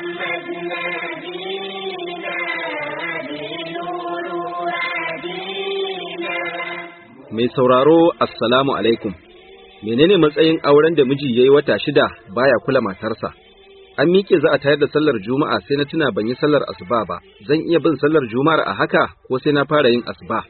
Mai sauraro Assalamu alaikum, menene matsayin auren da miji ya yi wata shida baya kula matarsa? An miƙe za a tayar da sallar juma'a sai na tuna ban yi sallar asuba ba, zan iya bin sallar juma'ar a haka ko sai na fara yin asuba.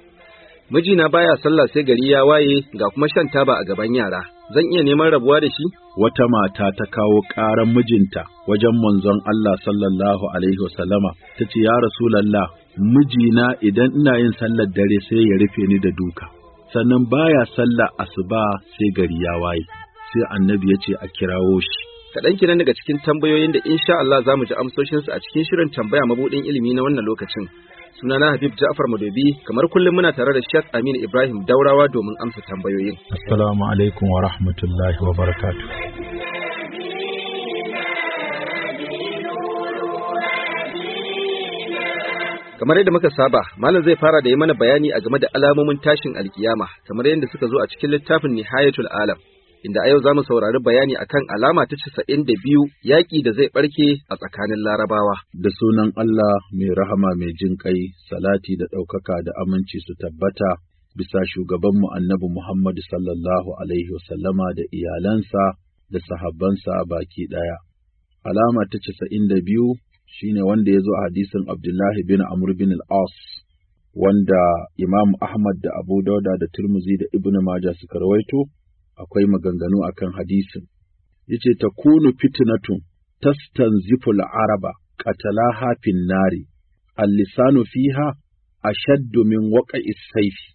Mijina baya sallah sai gari ya waye ga kuma shan taba a gaban yara. zan iya neman rabuwa da shi? Wata mata ta kawo ƙaran mijinta wajen manzon Allah sallallahu Alaihi wasallama ta ce, Ya Rasulallah, mijina idan ina yin sallar dare sai ya rufe ni da duka, sannan baya sallar asuba sai gari ya waye, sai annabi ya ce a kirawo shi. kaɗan kinan daga cikin tambayoyin da insha Allah za mu ji amsoshinsu a cikin shirin tambaya mabuɗin ilimi na wannan lokacin. suna na Habib Ja'far Madobi, kamar kullum muna tare da Sheikh Aminu Ibrahim Daurawa domin amsa tambayoyin. Assalamu alaikum wa rahmatullahi wa kamar yadda muka saba malam zai fara da yi mana bayani a game da alamomin tashin alkiyama kamar yadda suka zo a cikin littafin nihayatul alam inda a yau za mu saurari bayani akan alama ta casa'in da biyu yaƙi da zai ɓarke a tsakanin larabawa. Da sunan Allah mai rahama mai jin ƙai, salati da ɗaukaka da aminci su tabbata bisa shugabanmu annabi Muhammadu sallallahu alaihi wasallama da iyalansa da sahabbansa baki ɗaya. Alama ta casa'in da biyu shi ne wanda ya zo a hadisin Abdullahi bin Amr bin al-As. wanda Imam Ahmad da Abu Dauda da Turmuzi da Ibn Maja suka rawaito akwai maganganu a kan hadisin Ya ce yace takunu fitinatu Tastan ziful araba ƙatala hafin nari al-lisanu fiha ashaddu min Ya ce,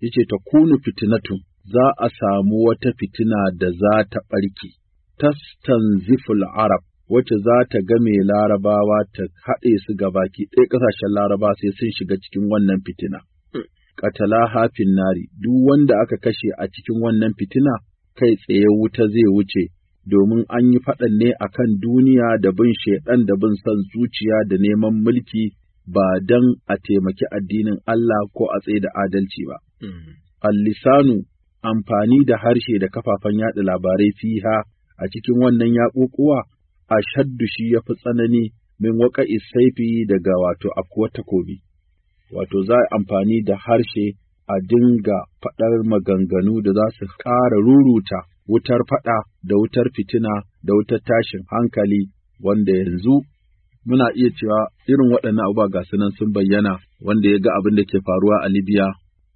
yace takunu fitinatu za a samu wata fitina da za ta ɓarke Tastan ziful arab wacce za ta game larabawa ta haɗe su ga baki ɗaya ƙasashen larabawa sai sun shiga cikin wannan fitina Katala hafin nari duk wanda aka kashe a cikin wannan fitina kai tsaye wuta zai wuce domin an yi faɗan ne akan duniya da bin shaiɗan da bin son zuciya da neman mulki ba dan a taimaki addinin Allah ko a tsaye da adalci ba. Mm. Al-lisanu amfani da harshe da kafafen yaɗa labarai fiha a cikin wannan yaƙuƙuwa a shaddu shi ya fi tsanani min waƙa isaifi daga wato afuwar takobi. wato za a amfani da harshe a dinga faɗar maganganu da za su ƙara ruruta wutar faɗa da wutar fitina da wutar tashin hankali wanda yanzu muna iya cewa irin waɗannan abubuwa ga sunan sun bayyana wanda ya ga abin da ke faruwa a Libya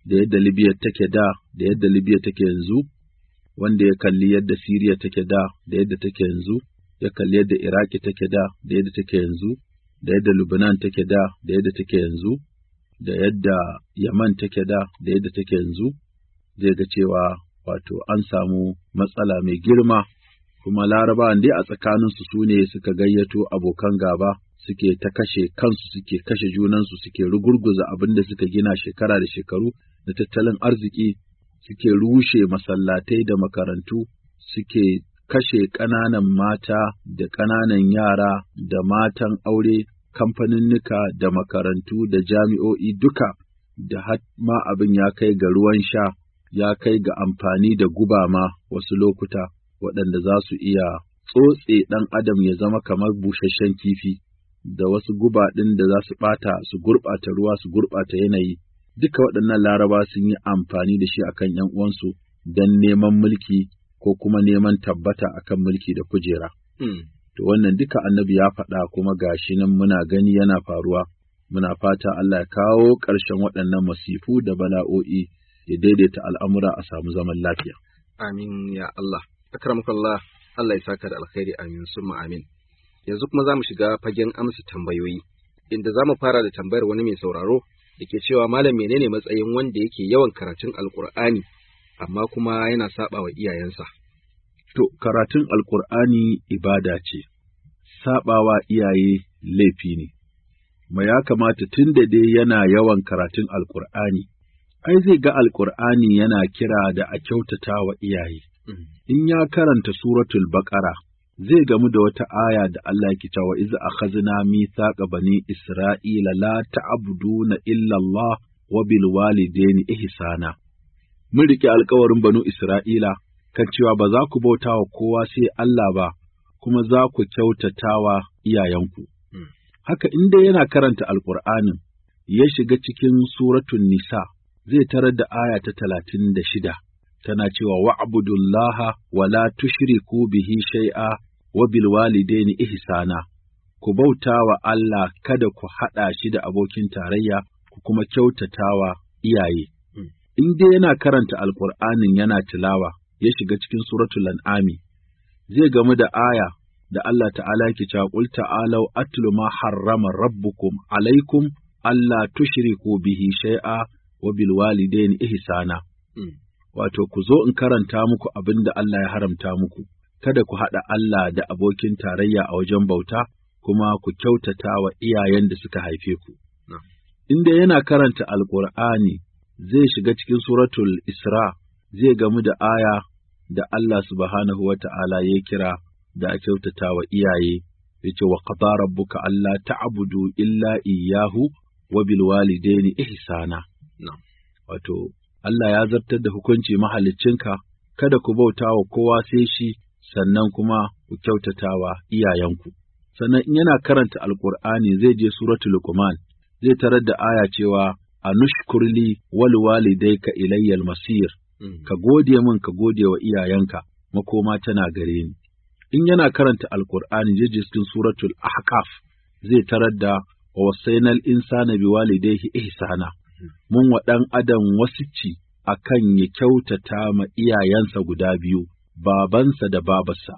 da yadda Libya take da da yadda Libya take yanzu wanda ya kalli yadda Syria take da da yadda take yanzu ya kalli yadda Iraki take da da yadda take yanzu da yadda Lebanon take da da yadda take yanzu da yadda Yaman take da da yadda take yanzu zai ga cewa wato an samu matsala mai girma kuma Laraba dai a tsakaninsu su ne suka gayyato abokan gaba suke ta kashe kansu suke kashe junansu suke rugurguza abin da suka gina shekara da shekaru da tattalin arziki suke rushe masallatai da makarantu suke kashe ƙananan mata da ƙananan yara da matan aure kamfaninnika da makarantu da jami'o'i duka da har ma abin ya kai ga ruwan sha, ya kai ga amfani da guba ma wasu lokuta waɗanda za su iya tsotse ɗan adam ya zama kamar busasshen kifi, da wasu guba ɗin da za su ɓata su gurɓata ruwa su gurɓata yanayi, duka waɗannan laraba sun yi amfani da shi akan ‘yan uwansu don neman mulki ko kuma neman tabbata akan mulki da kujera. Hmm. To wannan duka annabi ya faɗa kuma gashi nan muna gani yana faruwa. Muna fata Allah ya kawo ƙarshen waɗannan masifu da bala'o'i ya daidaita al'amura a samu zaman lafiya. Amin ya Allah. Akramakallah Allah ya saka da alkhairi amin summa amin. Yanzu kuma za mu shiga fagen amsa tambayoyi. Inda za mu fara da tambayar wani mai sauraro da ke cewa malam menene matsayin wanda yake yawan karatun alkur'ani amma kuma yana saba wa iyayensa. To, karatun Alƙur'ani ibada ce, saɓawa iyaye laifi ne, ma ya kamata tun da dai yana yawan karatun Alƙur'ani, ai zai ga Alƙur'ani yana kira da a kyautata wa iyaye. In ya karanta suratul baƙara, zai gamu da wata aya da Allah ke cewa iza akhazna mithaqa bani Isra'ila la ta'buduna illa Allah wa bil walidaini ihsana. Mun riƙe alƙawarin banu Isra'ila kan cewa ba za ku bauta wa kowa sai Allah ba, kuma za ku kyautata wa iyayenku. Hmm. Haka Haka inda yana karanta Alƙur'anin, ya shiga cikin suratun Nisa, zai tarar da aya ta talatin da shida, tana cewa wa'abudullaha wa la tushriku bihi shai'a wa bilwalidaini ihsana. Ku bauta wa Allah kada ku haɗa shi da abokin tarayya, ku kuma kyautata wa iyaye. inda hmm. In dai yana karanta Alkur'anin yana tilawa, ya shiga cikin suratul an'ami zai gamu da aya da Allah ta'ala ke cewa qul ta'alau atlu ma harrama rabbukum alaikum alla tushriku bihi shay'a wa bil walidayni ihsana mm. wato ku zo in karanta muku abin da Allah ya haramta muku kada ku haɗa Allah da abokin tarayya a wajen bauta kuma ku kyautata wa iyayen da suka haife ku in inda yana karanta alqur'ani zai shiga cikin suratul isra zai gamu da aya da Allah subhanahu wa ta'ala ya kira da a kyautata wa iyaye, ya ce wa qada rabbuka Allah ta'abudu illa iyahu, wa bil walidaini ihsana. Wato, Allah ya zartar da hukunci mahaliccinka, kada ku bauta wa kowa sai shi, sannan kuma ku kyautata wa iyayenku. Sannan in yana karanta Alƙur'ani zai je suratul Luqman, zai tarar da aya cewa anushkurli wal walidayka ilayyal masir Mm. ka gode min ka gode wa iyayenka makoma tana gare ni in yana karanta alqur'ani je cikin suratul ahqaf zai tarar da wa wasainal insana biwalidayhi ihsana mm. mun wa dan adam wasicci akan ya kyautata ma iyayensa guda biyu babansa da babarsa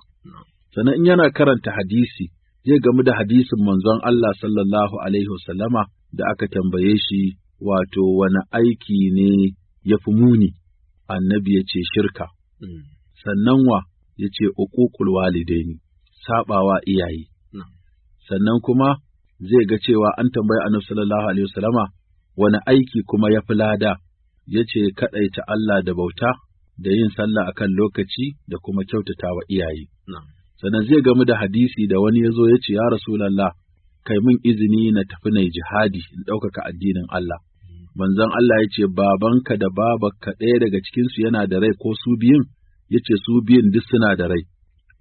sannan in yana karanta hadisi zai gamu da hadisin manzon Allah sallallahu alaihi wasallama da aka tambaye shi wato wani aiki ne ya fi muni annabi ya ce shirka, hmm. sannan wa ya ce uƙuƙul walidaini, saɓawa iyaye, sannan kuma zai ga cewa an tambayi annabi sallallahu alaihi wasallama wani aiki kuma ya fi lada, ya ce kaɗaita Allah da bauta, da yin sallah akan lokaci da kuma kyautata wa iyaye. Sannan zai gamu da hadisi da wani ya zo ya ce, Ya Rasulallah, kai min izini na tafi na jihadi in ɗaukaka addinin Allah. manzon Allah ya ce babanka da babarka ɗaya daga cikinsu yana da rai ko su biyun ya ce su biyun duk suna da rai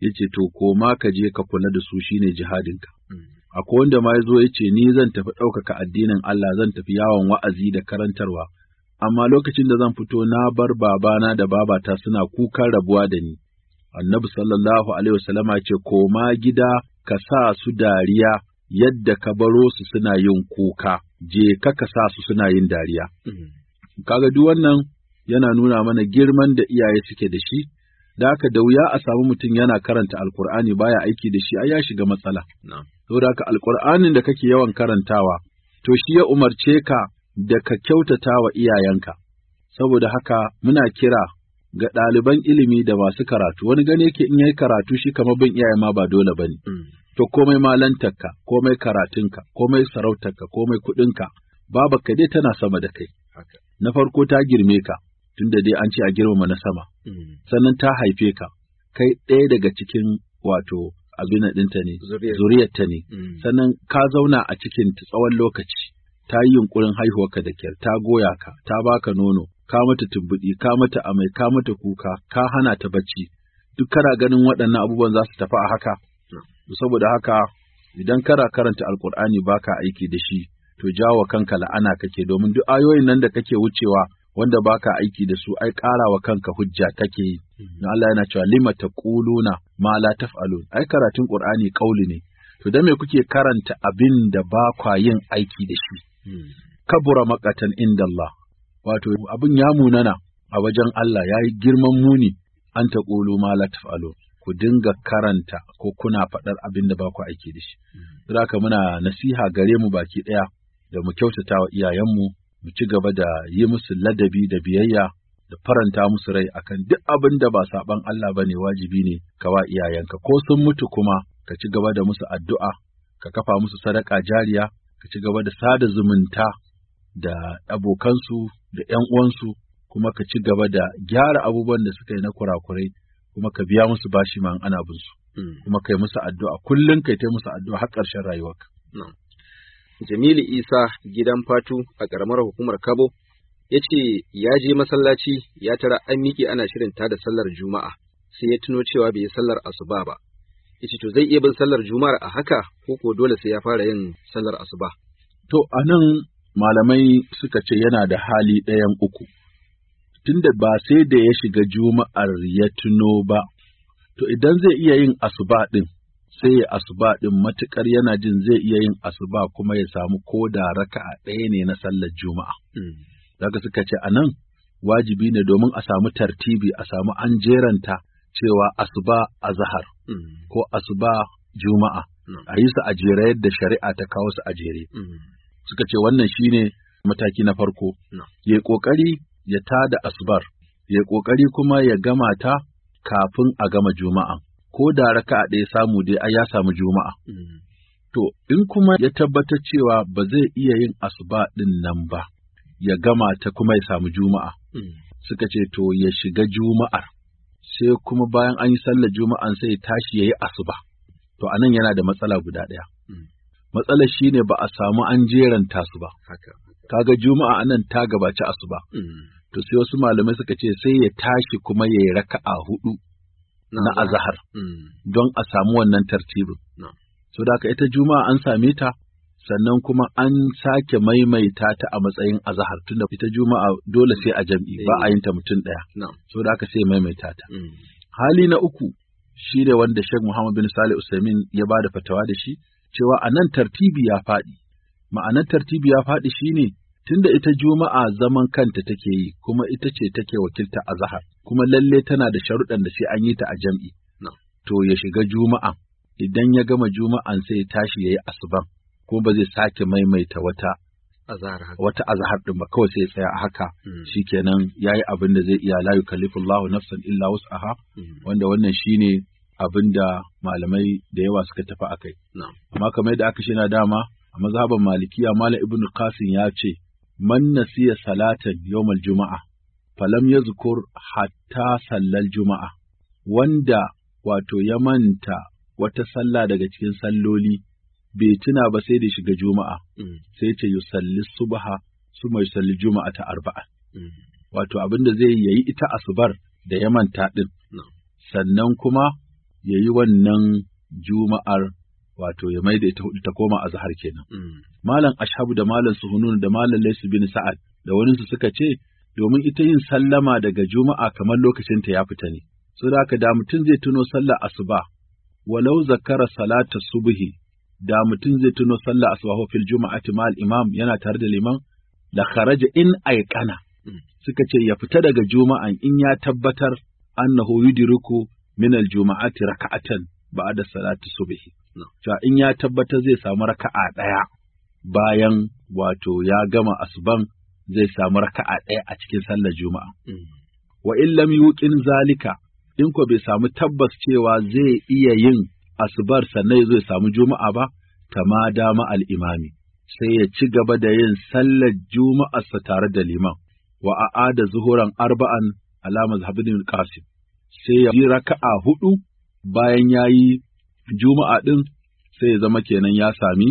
ya ce to koma ka je ka kula da su shine jihadinka mm. akwai wanda ma ya zo ya ce ni zan tafi ɗaukaka addinin Allah zan tafi yawon wa'azi da karantarwa amma lokacin da zan fito na bar babana da babata suna kukan rabuwa da ni annabi sallallahu alaihi wasallama ce koma gida ka sa su dariya yadda ka baro su suna yin kuka je kaka sa su suna yin dariya. Mm-hmm. Kaga duk wannan yana nuna mana girman da iyaye suke da shi, da haka da wuya a samu mutum yana karanta alkur'ani baya aiki da shi a ya shiga matsala. Saboda haka alkur'anin da kake yawan karantawa, to shi ya umarce ka da ka kyautata wa iyayenka. Saboda haka muna kira ga ɗaliban ilimi da masu karatu, wani gane yake in yi karatu shi kamar bin iyaye ma ba dole bane. Mm. to komai malantarka, komai karatunka, komai sarautarka, komai kuɗinka, babarka dai tana sama da kai. Na farko ta girme ka, tunda dai an ce a girmama na sama, mm. sannan ta haife ka, kai ɗaya daga cikin wato abin ɗinta ne, zuriyarta ne, mm. sannan ka zauna a cikin tsawon lokaci, ta yi yunƙurin haihuwarka da kyar, ta goya ka, ta baka nono, ka mata tumbuɗi, ka mata amai, ka mata kuka, ka hana ta bacci, duk kana ganin waɗannan abubuwan za su tafi a haka. saboda haka idan kana karanta alkur'ani baka aiki da shi to jawo kanka la'ana kake domin duk ayoyin nan da kake wucewa wanda baka aiki da su ai ƙara wa kanka hujja kake yi. Na Allah yana cewa lima taquluna ma la taf'alun. Ai karatun Qur'ani kauli ne. To da me kuke karanta abin da ba kwa yin aiki da shi? Kabura maqatan inda Allah. Wato abin ya munana a wajen Allah yayi girman muni an taqulu ma la taf'alun. ku dinga karanta ko kuna faɗar abin da ba ku aiki da shi. Saboda mm-hmm. muna nasiha gare mu baki ɗaya da mu kyautata wa iyayenmu mu ci gaba da yi musu ladabi da biyayya da faranta musu rai akan duk abin da ba saɓan Allah ba ne wajibi ne ka wa iyayenka ko sun mutu kuma ka ci gaba da musu addu'a ka kafa musu sadaka jariya ka ci gaba da sada zumunta da abokansu da ’yan uwansu kuma ka ci gaba da gyara abubuwan da suka yi na kurakurai kuma ka biya musu bashi ma ana bin su hmm. kuma kai musu addu'a kullum kai ta musu addu'a har ƙarshen rayuwarka Jamilu Isa gidan Fatu a ƙaramar hukumar Kabo ya ce ya je masallaci ya tara an miƙe ana shirin da sallar Juma'a sai ya tuno cewa bai yi sallar asuba ba ya ce to zai iya bin sallar Juma'ar a haka ko ko dole sai ya fara yin sallar asuba to anan malamai suka ce yana da hali ɗayan uku tunda ba sai da ya shiga juma'ar ya tuno ba, to idan zai iya yin asuba ɗin, sai ya asuba ɗin matuƙar yana jin zai iya yin asuba kuma ya samu ko da raka'a ɗaya ne na sallar juma'a. Zaka hmm. suka ce a nan wajibi ne domin a samu tartibi a samu an jeranta cewa asuba azahar hmm. ko asuba juma'a. Hmm. a yi su a jere yadda shari'a ta kawo su a jere. Suka ce wannan shine mataki na farko. Ya yi ƙoƙari ya tada asbar, ya ƙoƙari kuma ya gama ta kafin a gama juma'a, ko da raka a ɗaya samu dai a ya samu juma'a. Mm-hmm. To, in kuma ya tabbatar cewa ba zai iya yin asuba ɗin nan ba, ya gama ta kuma ya samu juma'a. Mm-hmm. Suka ce, to, ya shiga juma'ar, sai kuma bayan an yi sallar juma'an sai tashi ya yi asuba. To, anan yana da matsala guda ɗaya. Mm-hmm. Matsalar shi ne ba a samu an jeranta su ba. Kaga juma'a anan ta gabaci asuba. to sai wasu malamai suka ce sai ya tashi kuma ya yi raka'a hudu na, na azahar hmm. don a samu wannan tartibin. So da ita juma'a an same ta sannan kuma an sake maimaita ta a matsayin azahar tunda ita juma'a dole sai a jam'i ba a eh. yin ta mutum ɗaya. So da aka sai maimaita ta. Hmm. Hali na uku shi ne wanda Sheikh Muhammad bin Salih Usaimin ya ba da fatawa da shi cewa a nan tartibi ya faɗi. Ma'anar tartibi ya faɗi shine tunda ita juma'a zaman kanta take yi kuma ita ce take wakilta a zahar kuma lalle tana da sharuɗan da sai an yi ta a jam'i to ya shiga juma'a idan ya gama juma'an sai ya tashi yayi asuban ko ba zai sake maimaita wata azahar wata azhar din ba kawai sai ya tsaya haka hmm. shikenan yayi abin da zai iya la yukallifullahu nafsan illa wus'aha aha. Hmm. wanda wannan shine abin da malamai da yawa suka tafi akai amma kamar yadda aka shi na dama a mazhaban malikiya malam ibnu qasim ya ce man nasiya salatan yawmal juma'a falam yazkur hatta sallar juma'a wanda wato ya manta wata sallah daga cikin salloli bai tuna ba sai da shiga juma'a sai ce yusalli subha mai yusalli juma'a ta arba'a wato abin da zai yayi ita asubar da ya manta din sannan kuma yayi wannan juma'ar wato ya maida ita hudu ta koma azhar kenan mm. malam ashabu da malam suhunun da malam laisu bin sa'ad da wani su suka ce domin ita yin sallama daga juma'a kamar lokacin ta ya fita ne so da haka da mutum zai tuno sallar asuba walau zakara salata subhi da mutum zai tuno sallar asuba fil juma'ati mal imam yana tare da liman la kharaja in ayqana mm. suka ce ya fita daga juma'an in ya tabbatar annahu yudriku min al juma'ati raka'atan ba'da salati subhi Cewa in ya tabbatar zai samu raka'a ɗaya bayan wato ya gama asuban zai samu raka'a ɗaya a cikin sallar juma'a. Mm. Wa in lam yuqin zalika in ko bai samu tabbas cewa zai iya yin asubar sannan zai samu juma'a ba tama dama al'imami sai ya ci gaba da yin sallar juma'arsa tare da liman wa a'ada zuhuran arba'an alama zahabin qasim sai ya yi raka'a hudu bayan ya yi juma'a ɗin sai ya zama kenan ya sami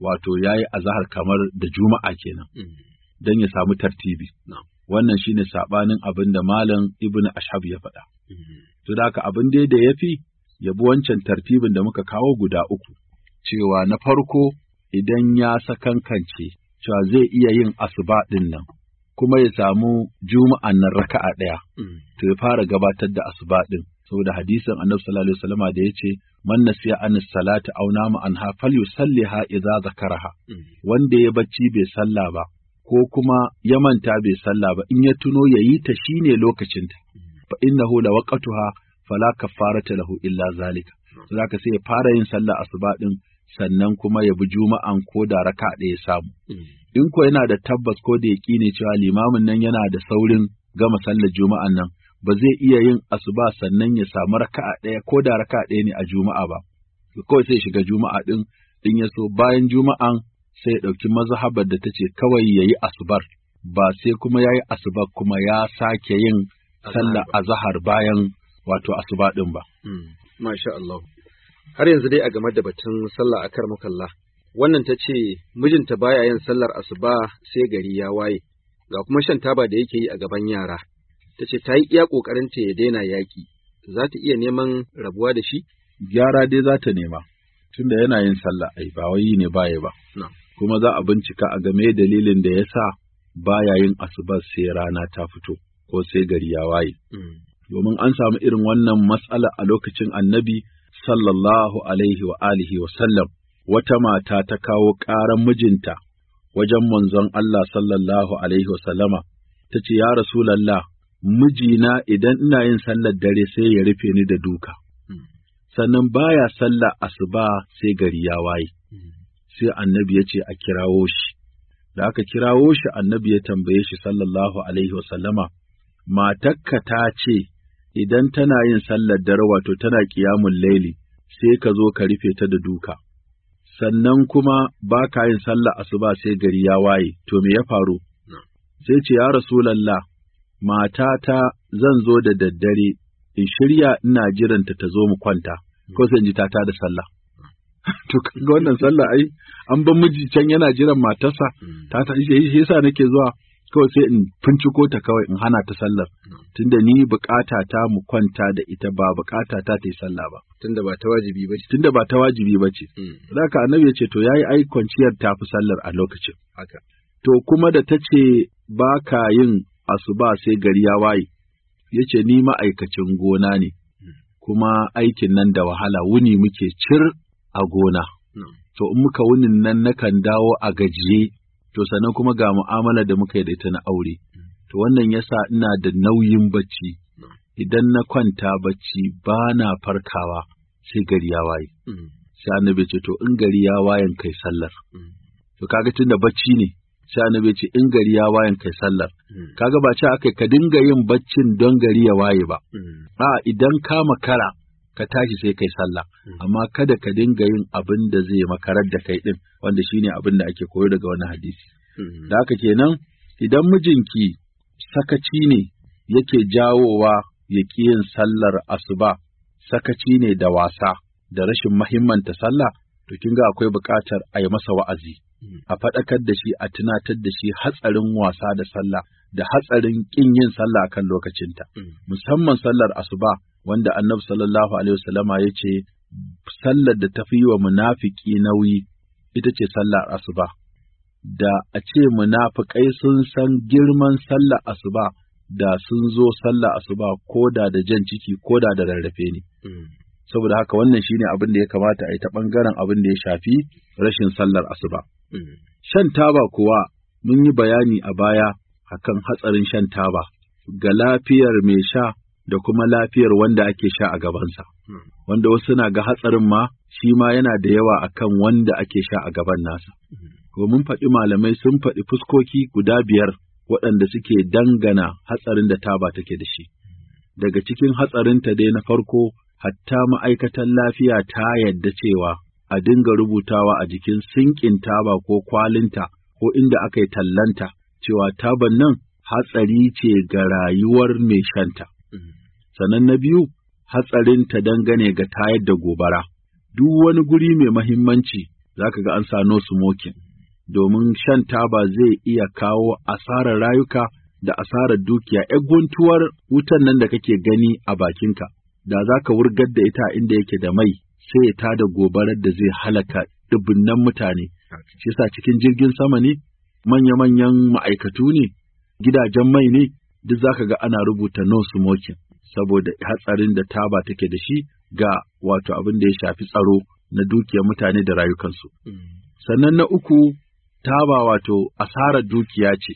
wato ya yi azahar kamar da juma'a kenan mm. don ya samu tartibi. Wannan shine ne saɓanin abin Malam Ibn Ashab ya faɗa. Mm. To da haka abin da ya fi ya bi wancan tartibin da muka kawo guda uku, cewa na farko idan ya sakankance cewa zai iya yin asuba ɗin nan, kuma ya samu juma'an nan raka'a ɗaya, mm. to ya fara gabatar da asuba ɗin. saboda hadisin Annabi sallallahu alaihi wasallama da yace man nasiya an salati aw nama anha falyusalliha idza zakaraha wanda ya bacci bai salla ba ko kuma ya manta bai salla ba in ya tuno yayi ta shine lokacinta fa innahu lawaqatuha fala kaffarata lahu illa zalika zaka sai ya fara yin sallah asuba din sannan kuma ya bi juma'an ko da raka ya samu in ko yana da tabbas ko da yaƙi ne cewa limamin nan yana da saurin gama sallar juma'an nan ba zai iya yin asuba sannan ya samu raka'a ɗaya ko da raka'a ɗaya ne a juma'a ba kawai sai shiga juma'a ɗin in ya so bayan juma'an sai ya ɗauki mazhabar da ta ce kawai ya yi asubar ba sai kuma ya yi asubar kuma ya sake yin sallar azahar bayan wato asuba ɗin ba. Hmm, masha Allah. Har yanzu dai a game da batun sallah a mukalla Wannan ta ce mijinta baya yin sallar asuba sai gari ya waye, ga kuma shan taba da yake yi a gaban yara. ta ce ta yi iya ta ya daina yaƙi, za ta iya neman rabuwa da shi? Gyara dai za ta nema, tunda yana yin sallah ai ba wai ne baya ba. Kuma za a bincika a game dalilin da ya sa ba ya yin asubar sai rana ta fito ko sai gari ya waye. Mm. Domin an samu irin wannan matsala a lokacin annabi sallallahu alaihi wa alihi wa sallam wata mata ta kawo ƙaran mijinta wajen manzon Allah sallallahu alaihi wa sallama ta ce ya Rasulallah mijina idan ina yin sallar dare sai ya rufe ni da duka, hmm. sannan baya sallar asuba sai gari ya waye, hmm. sai annabi ya ce a kirawo shi, da aka kirawo shi annabi ya tambaye shi sallallahu Alaihi wasallama, matakka ta ce, idan tana yin sallar dare wato tana ƙiyamun laili, sai ka zo ka rufe ta da duka. Sannan kuma ba ka yin sallar asuba sai gari ya waye, to me ya faru? Sai ce, Ya Rasulallah, matata zan zo da daddare in shirya ina jiranta ta zo mu kwanta ko sai ji tata da sallah to kaga wannan sallah ai an ban miji can yana jiran matarsa tata shi yasa nake zuwa kawai sai in finciko ta kawai in hana ta sallar tunda ni bukata ta mu kwanta da ita ba bukata ta ta yi sallah ba tunda ba ta wajibi ba ce tunda ba ta wajibi ba ce zaka hmm. annabi ya ce to yayi ai kwanciyar ta fi sallar a lokacin haka to kuma da ta ce ba ka yin asuba sai gari ya waye, ya ce ni ma'aikacin gona ne, kuma aikin nan da wahala wuni muke cir a gona. To, in muka wunin nan nakan dawo a gajiye, to sannan kuma ga mu'amala da muka yi da ita na aure. To, wannan ya sa ina da nauyin bacci, idan na kwanta bacci ba na farkawa sai gari ya waye. Sai annabi ce, to, in gari ya wayen kai sallar. To, kaga tun da bacci ne, sai annabi ce in gari ya wayan kai sallar hmm. kaga ba ce akai ka dinga yin baccin don gari ya waye ba hmm. a idan ka makara ka tashi sai kai sallah hmm. amma kada ka dinga yin abin da zai makarar da kai din wanda shine abin da ake koyo daga wani hadisi da haka kenan idan mijinki sakaci ne yake jawowa ya ki yin sallar asuba sakaci ne da wasa da rashin mahimmanta sallah to kin ga akwai buƙatar a yi masa wa'azi Mm. a faɗakar da shi a tunatar da shi hatsarin wasa da sallah da hatsarin ƙin yin sallah kan lokacinta mm. musamman sallar asuba wanda annabi sallallahu alaihi wasallama ya ce sallar da ta fi wa munafiki nauyi ita ce sallar asuba da a ce munafikai sun san girman sallar asuba da sun zo sallar asuba ko da da jan ciki ko da da rarrafe ne mm. saboda haka wannan shine abin da ya kamata a yi ta ɓangaren abin da ya shafi rashin sallar asuba. Shan taba kuwa mun yi bayani a baya akan hatsarin shan taba ga lafiyar mai sha da kuma lafiyar wanda ake sha a gabansa. Wanda wasu na ga hatsarin ma shi ma yana da yawa akan wanda ake sha a gaban nasa. Ko mun faɗi malamai sun faɗi fuskoki guda biyar waɗanda suke dangana hatsarin da taba take da shi. Daga cikin hatsarinta dai na farko, hatta ma'aikatan lafiya ta yadda cewa a dinga rubutawa a jikin sinkin taba ko kwalinta ko inda aka yi tallanta cewa taban nan hatsari ce ga rayuwar mai shanta. Sannan na biyu, hatsarin ta dangane ga tayar da gobara. Duk wani guri mai mahimmanci za ka ga an sa no smoking, domin shan taba zai iya kawo asarar rayuka da asarar dukiya, ‘yar guntuwar wutan nan da kake gani a bakinka, da za ka wurgar da ita inda yake da mai, sai ya tada gobarar da zai halaka dubunnan mutane. Shi yasa cikin jirgin sama ne, manya-manyan ma'aikatu ne, gidajen mai ne, duk zaka ga ana rubuta no smoking saboda hatsarin da taba take da shi ga wato abin da ya shafi tsaro na dukiyar mutane da rayukansu. Sannan na uku, taba wato asarar dukiya ce,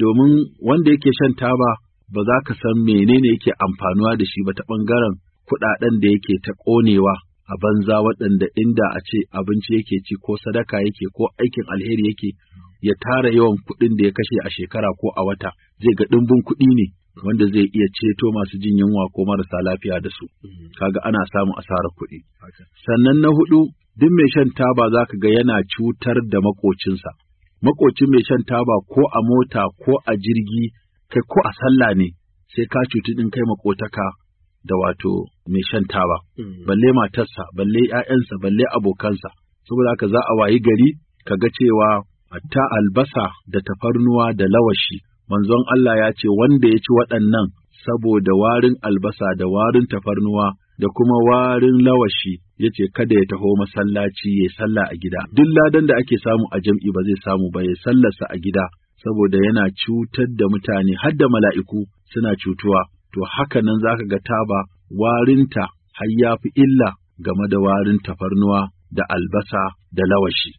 domin wanda yake shan taba ba za ka san menene yake amfanuwa da shi ba ta ɓangaren kuɗaɗen da yake ta ƙonewa a banza waɗanda inda a ce abinci yake ci ko sadaka yake ko aikin alheri yake ya tara yawan kuɗin da ya kashe a shekara ko a wata zai ga ɗimbin kuɗi ne wanda zai iya ceto masu jin yunwa ko marasa lafiya da su mm-hmm. kaga ana samun asarar kuɗi sannan na hudu duk mai shan taba za ka ga yana cutar da makocinsa makocin mai shan taba ko a mota ko a jirgi kai ko a sallah ne sai ka cutu din kai makotaka da wato mai shan mm. balle matarsa, balle ‘ya'yansa, balle abokansa, saboda haka za a wayi gari ka ga cewa ta albasa da tafarnuwa da lawashi, manzon Allah ya ce wanda ya ci waɗannan saboda warin albasa da warin tafarnuwa da kuma warin lawashi ya ce kada ya taho masallaci ya sallah a gida. Duk ladan da ake samu a jam'i ba zai samu ba ya sallarsa a gida, saboda yana cutar da mutane har da mala'iku suna cutuwa. to haka nan za ka ga taba warinta har ya fi illa game da warin tafarnuwa da albasa da lawashi.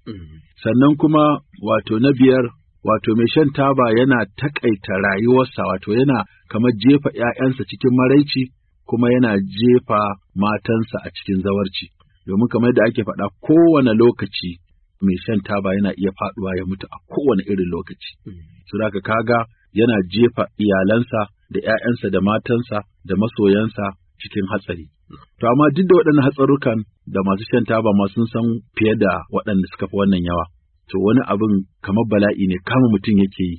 Sannan kuma wato na biyar wato mai shan taba yana takaita rayuwarsa wato yana kamar jefa ‘ya'yansa cikin maraici kuma yana jefa matansa a cikin zawarci. Domin kamar da ake faɗa kowane lokaci mai shan taba yana iya faɗuwa ya mutu a kowane irin lokaci. Mm -hmm. kaga yana jefa iyalansa da ‘ya'yansa da matansa da masoyansa cikin hatsari. To amma duk da waɗannan hatsarukan da masu shan taba ma sun san fiye da waɗanda suka fi wannan yawa. To wani abin kamar bala'i ne kama mutum yake yi.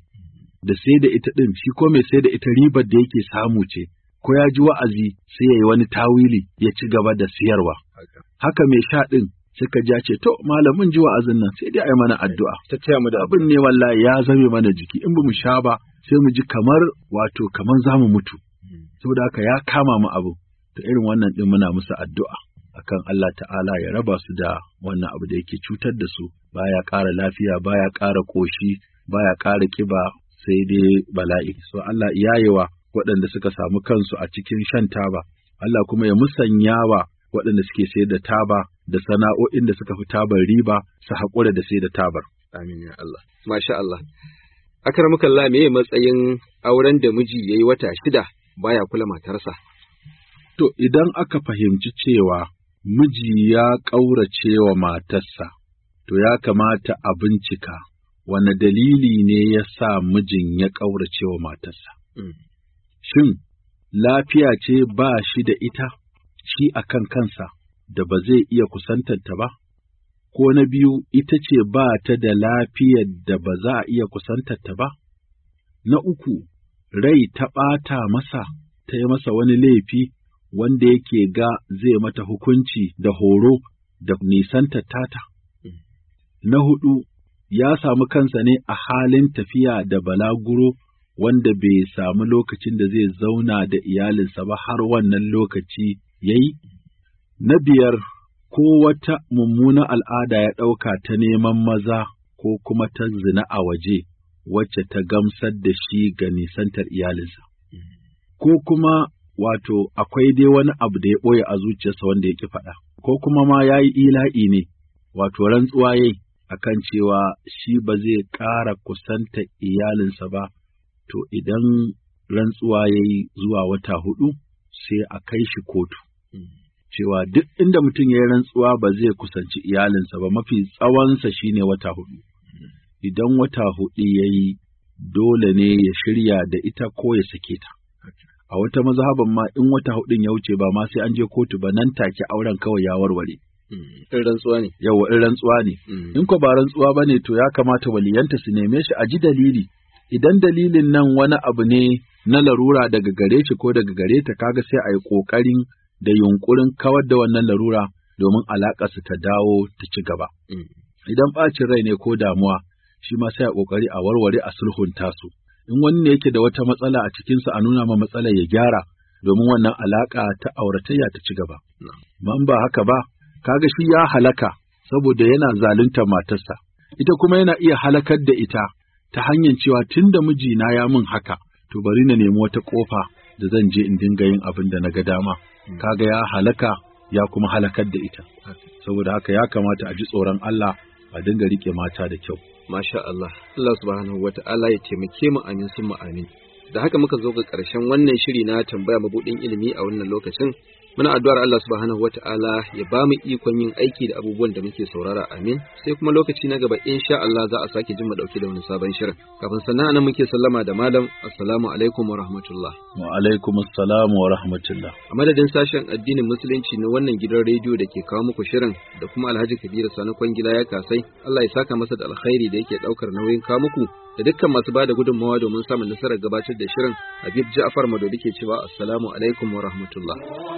Da sai da ita ɗin shi ko mai sai da ita ribar da yake samu ce. Ko ya ji wa'azi sai ya yi wani tawili ya ci gaba da siyarwa. Haka mai sha ɗin suka ja ce to malamin ji wa'azin nan sai dai a yi mana addu'a. Ta taya mu da abin ne wallahi ya zame mana jiki in ba mu sha ba sai mu ji kamar wato kamar za mu mutu hmm. saboda haka ya kama mu abu to irin wannan din muna musu addu'a akan Allah ta'ala ya raba su da wannan abu da yake cutar da su baya ƙara lafiya baya ƙara ƙoshi baya ƙara kiba sai dai bala'i so Allah yayewa waɗanda suka samu kansu a cikin shan taba Allah kuma ya musanyawa waɗanda suke sayar da taba da sana'o'in da suka fi tabar riba su haƙura da sayar da tabar amin ya Allah masha Allah ya meye matsayin auren da miji ya yi wata shida baya kula matarsa to idan aka fahimci cewa miji ya ƙaurace wa matarsa to ya kamata a bincika wane dalili ne ya sa mijin ya ƙaurace wa matarsa mm. shin lafiya ce ba shi da ita shi a kan kansa da ba zai iya kusantarta ba ko na biyu ita ce ba ta da lafiyar da ba za a iya kusantarta ba, na uku rai ta ɓata masa, ta yi masa wani laifi wanda yake ga zai mata hukunci da horo da nisantar tata. Na hudu, ya samu kansa ne a halin tafiya da balaguro wanda bai samu lokacin da zai zauna da iyalinsa ba har wannan lokaci ya yi? Na biyar, ko wata mummuna al'ada ya ɗauka ta neman maza ko kuma ta zina a waje wacce ta gamsar da shi ga nisantar iyalinsa. Ko kuma wato akwai dai wani abu da ya ɓoye a zuciyarsa wanda ya ki faɗa, ko kuma ma ya yi ila'i ne, wato rantsuwa a kan cewa shi ba zai ƙara kusanta iyalinsa ba, to idan rantsuwa ya yi zuwa wata huɗu sai a kai shi kotu. Hmm. cewa duk inda mutum ya yi rantsuwa ba zai kusanci iyalinsa ba mafi tsawonsa shine wata hudu. Idan wata hudu ya yi dole ne ya shirya da ita ko ya sake ta. A wata mazhaban ma in wata hudun ya wuce ba ma sai an je kotu ba nan take auren kawai ya warware. In rantsuwa ne. Yawwa in rantsuwa ne. Mm. In ko ba rantsuwa ba ne to ya kamata waliyanta su neme shi a ji dalili. Idan dalilin nan wani abu ne na larura daga gare shi ko daga gare ta kaga sai a yi ƙoƙarin da yunkurin kawar da wannan larura domin su ta dawo ta ci gaba. Mm. Idan ɓacin rai ne ko damuwa, shi ma sai a ƙoƙari a warware a sulhunta su. In wani ne yake da wata matsala a cikinsa a nuna ma matsalar ya gyara domin wannan alaƙa ta auratayya ta ci gaba. Man ba haka ba, kaga shi ya halaka saboda yana zalunta matarsa. Ita kuma yana iya halakar da ita ta hanyar cewa tun da mijina ya min haka, to bari na nemi wata ƙofa da zan je in dinga yin abin da na ga dama. Hmm. kaga ya halaka ya kuma halakar da ita saboda haka ya kamata a ji tsoron Allah a dinga rike mata da kyau masha Allah Allah subhanahu wata'ala ya taimake mu amin sun mu amin da haka muka zo ga karshen wannan shiri na tambaya mabudin ilimi a wannan lokacin muna addu'ar Allah subhanahu ta'ala ya ba mu ikon yin aiki da abubuwan da muke saurara amin sai kuma lokaci na gaba in sha Allah za a sake jin mu da wani sabon shirin kafin sannan anan muke sallama da malam assalamu alaikum wa rahmatullah wa alaikum assalam wa rahmatullah a madadin sashen addinin musulunci na wannan gidan rediyo da ke kawo muku shirin da kuma Alhaji Kabiru Sani Kwangila ya kasai Allah ya saka masa da alkhairi da yake daukar nauyin kawo muku da dukkan masu bada gudunmawa domin samun nasarar gabatar da shirin Habib Ja'far Madobi ke cewa assalamu alaikum wa rahmatullah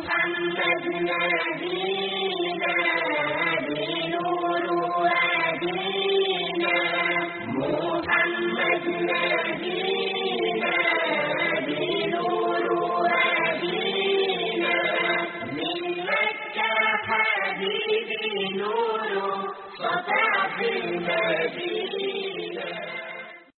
Thank you.